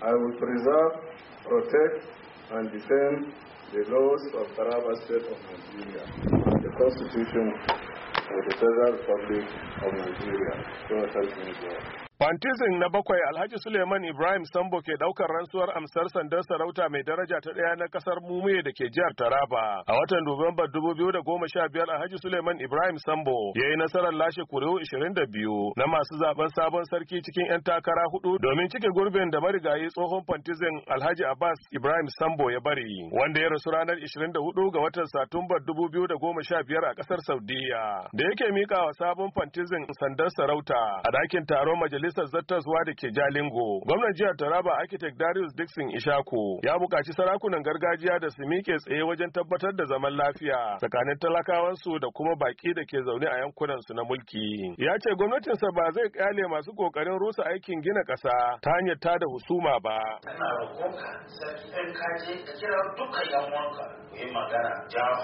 I will preserve, protect, and defend the laws of Taraba State of Nigeria, the Constitution of the Federal Republic of Nigeria. So help me God. Fantizin na bakwai Alhaji Suleiman Ibrahim Sambo ke daukar rantsuwar amsar sandar sarauta mai daraja ta ɗaya na kasar Mumuye da ke jihar Taraba. A watan Nuwamba 2015 Alhaji Suleiman Ibrahim Sambo ya yi nasarar lashe kuri'u 22 na masu zaben sabon sarki cikin 'yan takara hudu domin cike gurbin da marigayi tsohon fantizin Alhaji Abbas Ibrahim Sambo ya bari, wanda ya rasu ranar 24 ga watan Satumbar 2015 a kasar Saudiya. Da yake mika wa sabon fantizin sandar sarauta a dakin taron majalisar Ministan zattaswa da ke Jalingo. Gwamnan jihar Taraba Architect Darius Dixon Ishaku ya buƙaci sarakunan gargajiya da su miƙe tsaye wajen tabbatar da zaman lafiya tsakanin talakawansu da kuma baƙi da ke zaune a yankunan su na mulki. Ya ce gwamnatin sa ba zai kyale masu ƙoƙarin rusa aikin gina ƙasa ta hanyar ta da husuma ba. roƙonka sarki ɗan kaje ka kira dukkan ƴan wanka ku yi magana jawo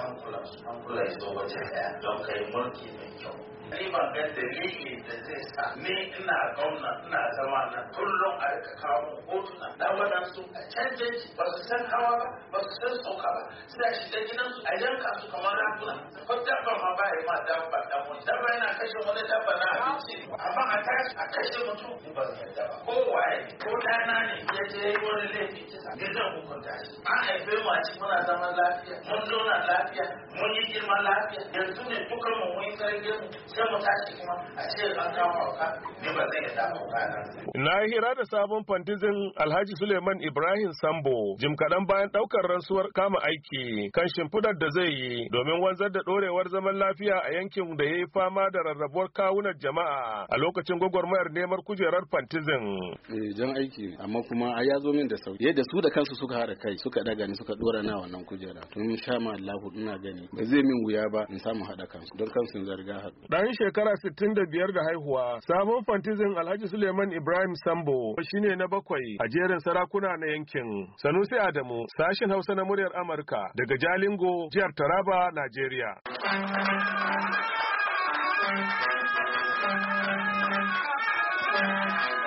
hankula ya zo wajen ɗaya don ka mulki mai kyau. ni ban dalilin da zai sa ni ina gauna ina zama na kullum a rika kawo hotuna na waɗansu a canjin shi ba su san hawa ba ba su san sauka ba suna shiga gidansu a yanka su kamar rafuna ko dabba ma ba yi ma dabba dabba dabba yana kashe wani dabba na abinci amma a a kashe mutum ba su dabba ce ya yi wani laifin kisa ga zan hukunta shi an haife mu a cikin muna zaman lafiya mun zauna lafiya mun yi girman lafiya yanzu ne dukkan mu mun yi sargin mu sai mu tashi kuma a ce an kama hauka ne ba zai yadda hauka nan. na hira da sabon fantizin alhaji suleiman ibrahim sambo jim kaɗan bayan ɗaukar rantsuwar kama aiki kan shimfidar da zai yi domin wanzar da ɗorewar zaman lafiya a yankin da ya yi fama da rarrabuwar kawunan jama'a a lokacin gwagwarmayar neman kujerar fantizin. Eh, jan aiki amma kuma a ya zo min da sauki yadda su da kansu suka haɗa kai suka daga ni suka dora na wannan kujera tun sha ma Allahu ina gani ba zai min wuya ba in samu haɗa kansu don kansu zarga haɗu dan shekara 65 da haihuwa sabon fantizin Alhaji Suleiman Ibrahim Sambo shine na bakwai a jerin sarakuna na yankin Sanusi Adamu sashin Hausa na muryar Amurka daga Jalingo jihar Taraba Najeriya Thank you.